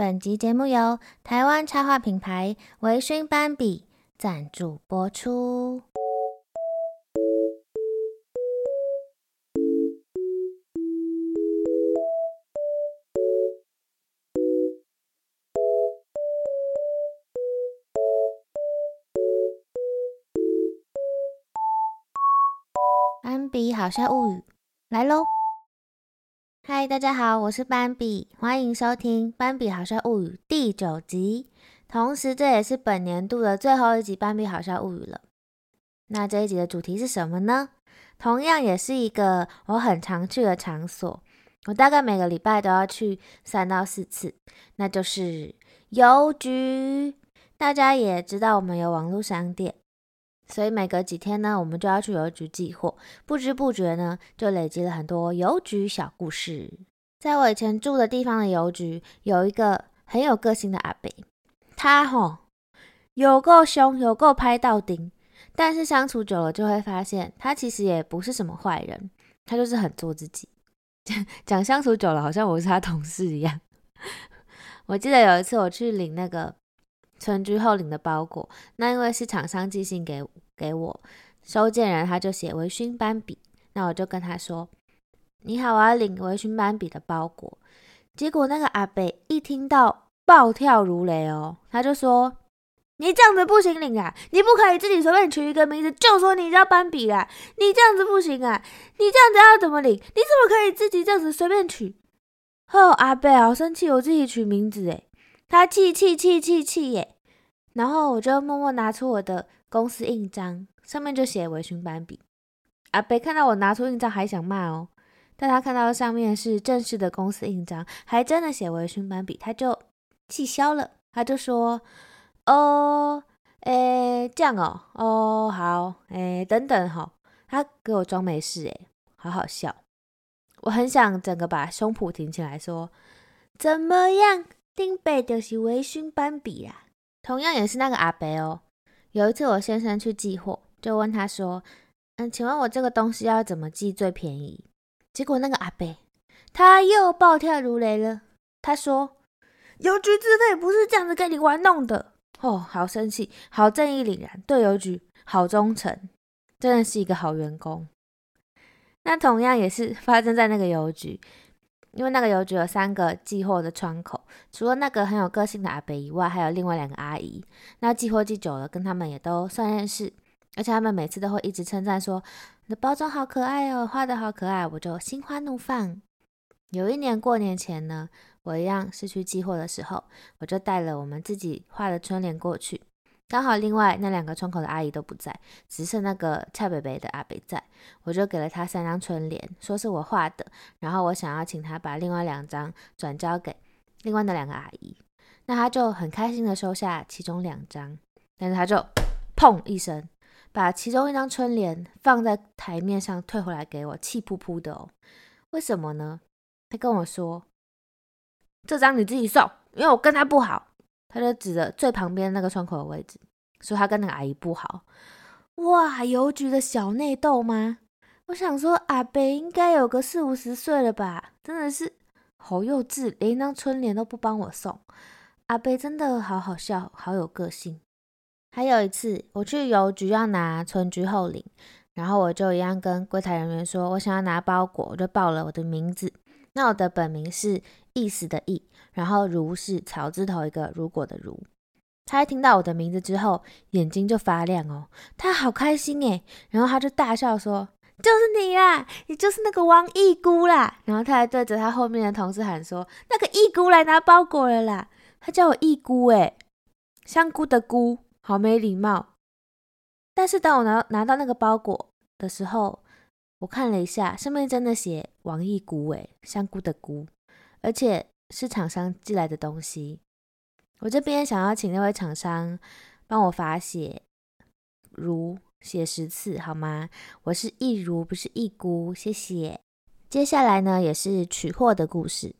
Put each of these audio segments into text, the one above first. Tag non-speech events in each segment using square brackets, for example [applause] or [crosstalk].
本集節目由台灣插畫品牌維勳斑比贊助播出。斑 [noise] 比好笑物語來嘍！嗨，Hi, 大家好，我是斑比，歡迎收聽《斑比好笑物語》第九集。同時，這也是本年度的最後一集《斑比好笑物語》了。那這一集的主題是什麼呢？同樣也是一個我很常去的場所，我大概每個禮拜都要去三到四次，那就是郵局。大家也知道，我們有網絡商店。所以每隔幾天呢，我們就要去郵局寄貨，不知不覺呢，就累積了很多郵局小故事。在我以前住的地方的郵局，有一個很有個性的阿伯，他吼、哦、有夠凶，有夠拍到釘，但是相處久了就會發現，他其實也不是什麼壞人，他就是很做自己。講，講相處久了，好像我是他同事一樣。 [laughs] 我記得有一次我去領那個。存局候領的包裹，那因為是廠商寄信給我給我，收件人他就寫微醺斑比，那我就跟他說：“你好啊，領微醺斑比的包裹。”結果那個阿伯一聽到暴跳如雷哦，他就說：“你這樣子不行領啊，你不可以自己隨便取一個名字，就說你叫班比啦，你這樣子不行啊，你這樣子要怎麼領？你怎麼可以自己這樣子隨便取？”好，阿伯好生氣，我自己取名字誒。他氣氣氣氣氣耶！然後我就默默拿出我的公司印章，上面就寫“微醺斑比”。阿伯看到我拿出印章，還想罵哦，但他看到上面是正式的公司印章，還真的寫“微醺斑比”，他就氣消了。他就說：“哦，誒，這樣哦，哦，好，誒，等等，哈。”他給我裝沒事，誒，好好笑。我很想整個把胸脯挺起來說：“怎麼樣？”丁北就是微醺斑比啦，同樣也是那個阿北哦。有一次我先生去寄貨，就問他說：“嗯，請問我這個東西要怎麼寄最便宜？”結果那個阿北他又暴跳如雷了，他說：“郵局資費不是這樣子跟你玩弄的哦，好生氣，好正義凜然，啊，對郵局好忠誠，真的是一個好員工。”那同樣也是發生在那個郵局。因為那個郵局有三個寄貨的窗口，除了那個很有個性的阿北以外，還有另外兩個阿姨。那寄貨寄久了，跟他們也都算認識，而且他們每次都會一直稱讚說：“你的包裝好可愛哦，畫得好可愛。”我就心花怒放。有一年過年前呢，我一樣是去寄貨的時候，我就帶了我們自己畫的春聯過去。剛好另外那兩個窗口的阿姨都不在，只剩那個蔡北北的阿北在，我就給了他三張春聯，說是我畫的，然後我想要請他把另外兩張轉交給另外的兩個阿姨，那他就很開心的收下其中兩張，但是他就砰一聲把其中一張春聯放在台面上退回來給我，氣噗噗的哦，為什麼呢？他跟我說，這張你自己送，因為我跟他不好。他就指着最旁邊那個窗口的位置，說他跟那個阿姨不好。哇，郵局的小內鬥嗎？我想說阿北應該有個四五十歲了吧，真的是好幼稚，連一張春聯都不幫我送。阿北真的好好笑，好有個性。還有一次我去郵局要拿春居厚禮，然後我就一樣跟櫃台人員說我想要拿包裹，我就報了我的名字。那我的本名是意識的意。然後如是草字頭一個如果的如，他一聽到我的名字之後，眼睛就發亮哦，他好開心誒，然後他就大笑說：“就是你啦，你就是那個王義菇啦。”然後他還對着他後面的同事喊說：“那個義菇來拿包裹了啦。”他叫我義菇誒，香菇的菇，好沒禮貌。但是當我拿拿到那個包裹的時候，我看了一下，上面真的寫王義菇誒，香菇的菇，而且。是廠商寄來的東西，我這邊想要請那位廠商幫我罰寫，如寫十次好嗎？我是一如，不是一姑，謝謝。接下來呢，也是取貨的故事。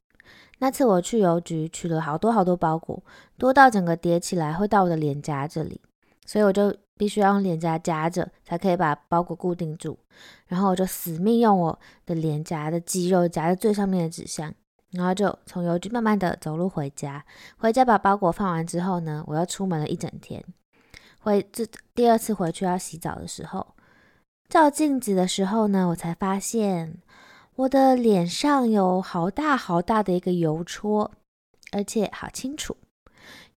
那次我去郵局取了好多好多包裹，多到整個疊起來會到我的臉頰這裡，所以我就必須要用臉頰夾着，才可以把包裹固定住。然後我就死命用我的臉頰的肌肉夾在最上面的紙箱。然後就從郵局慢慢的走路回家，回家把包裹放完之後呢，我又出門了一整天。回這第二次回去要洗澡的時候，照鏡子的時候呢，我才發現我的臉上有好大好大的一個郵戳，而且好清楚。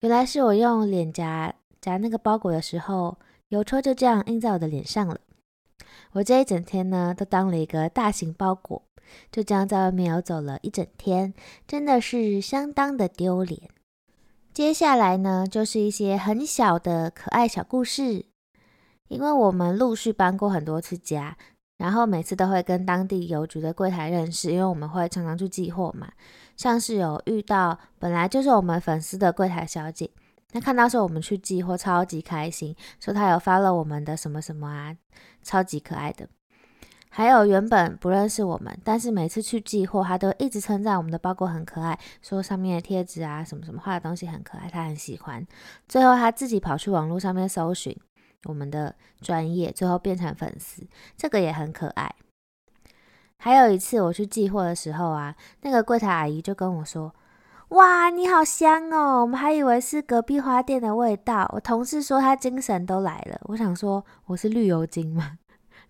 原來是我用臉頰夾那個包裹的時候，郵戳就這樣印在我的臉上了。我這一整天呢，都當了一個大型包裹。就這樣在外面遊走了一整天，真的是相當的丟臉。接下來呢，就是一些很小的可愛小故事。因為我們陸續搬過很多次家，然後每次都會跟當地郵局的櫃台認識，因為我們會常常去寄貨嘛。像是有遇到本來就是我們粉絲的櫃台小姐，她看到是我們去寄貨，超級開心，說她有 follow 我們的什麼什麼啊，超級可愛的。還有原本不認識我們，但是每次去寄貨，他都一直稱讚我們的包裹很可愛，說上面的貼紙啊什麼什麼畫的東西很可愛，他很喜歡。最後他自己跑去網絡上面搜尋我們的專業，最後變成粉絲，這個也很可愛。還有一次我去寄貨的時候啊，那個櫃台阿姨就跟我說：“哇，你好香哦！”我們還以為是隔壁花店的味道。我同事說他精神都來了，我想說我是綠油精嗎？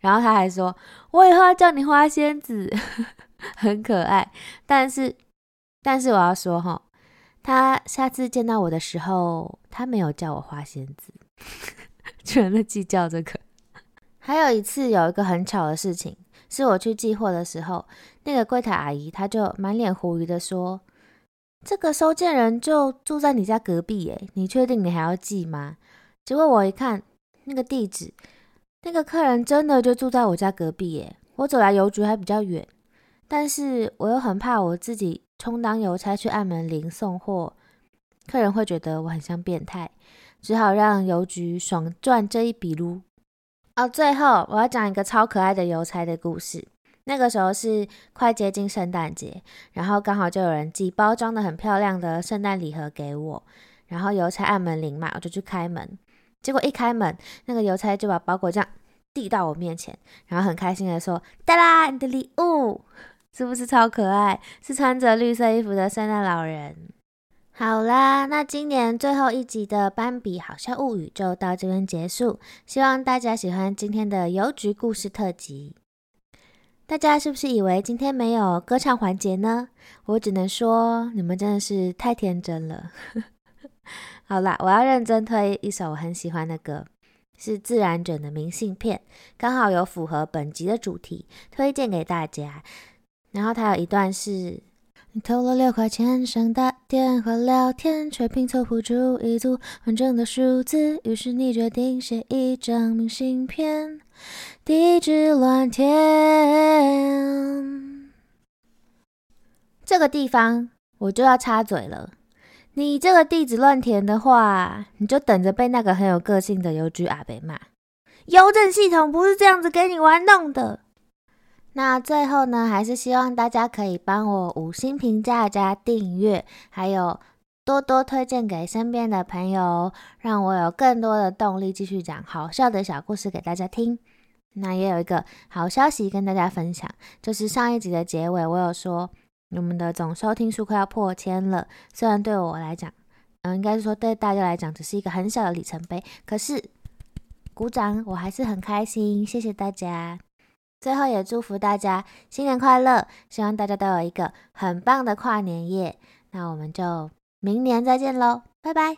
然後他還說：“我以後要叫你花仙子， [laughs] 很可愛。”但是，但是我要說哈、哦，他下次見到我的時候，他沒有叫我花仙子，居然在計較這個。還有一次，有一個很巧的事情，是我去寄貨的時候，那個櫃台阿姨，她就滿臉狐疑的說：“這個收件人就住在你家隔壁，耶，你確定你還要寄嗎？”結果我一看那個地址。那個客人真的就住在我家隔壁耶，我走來郵局還比較遠，但是我又很怕我自己充當郵差去按門鈴送貨，客人會覺得我很像變態，只好讓郵局爽賺這一筆嚕。哦，最後我要講一個超可愛的郵差的故事，那個時候是快接近聖誕節，然後剛好就有人寄包裝得很漂亮的聖誕禮盒給我，然後郵差按門鈴嘛，我就去開門。結果一開門，那個郵差就把包裹，這樣遞到我面前，然後很開心地說：“噠啦，你的禮物是不是超可愛？是穿着綠色衣服的聖誕老人。”好啦，那今年最後一集的《斑比好像物語》就到這邊結束。希望大家喜歡今天的郵局故事特輯。大家是不是以為今天沒有歌唱環節呢？我只能說，你們真的是太天真了。 [laughs] 好啦，我要認真推一首我很喜歡的歌，是自然卷的《明信片》，剛好有符合本集的主題，推薦給大家。然後它有一段是：你偷了六塊錢想打電話聊天，卻拼湊不出一組完整的數字，於是你決定寫一張明信片，地址亂填。這個地方我就要插嘴了。你這個地址亂填的話，你就等着被那個很有個性的郵局阿北罵。郵政系統不是這樣子給你玩弄的。那最後呢，還是希望大家可以幫我五星評價加訂閱，還有多多推薦給身邊的朋友，讓我有更多的動力繼續講好笑的小故事給大家聽。那也有一個好消息跟大家分享，就是上一集的結尾我有說。我們的總收聽數快要破千了，雖然對我來講，嗯，應該是說，對大家來講，只是一個很小的里程碑，可是鼓掌我還是很開心，謝謝大家。最後也祝福大家新年快樂，希望大家都有一個很棒的跨年夜。那我們就明年再見嘍，拜拜。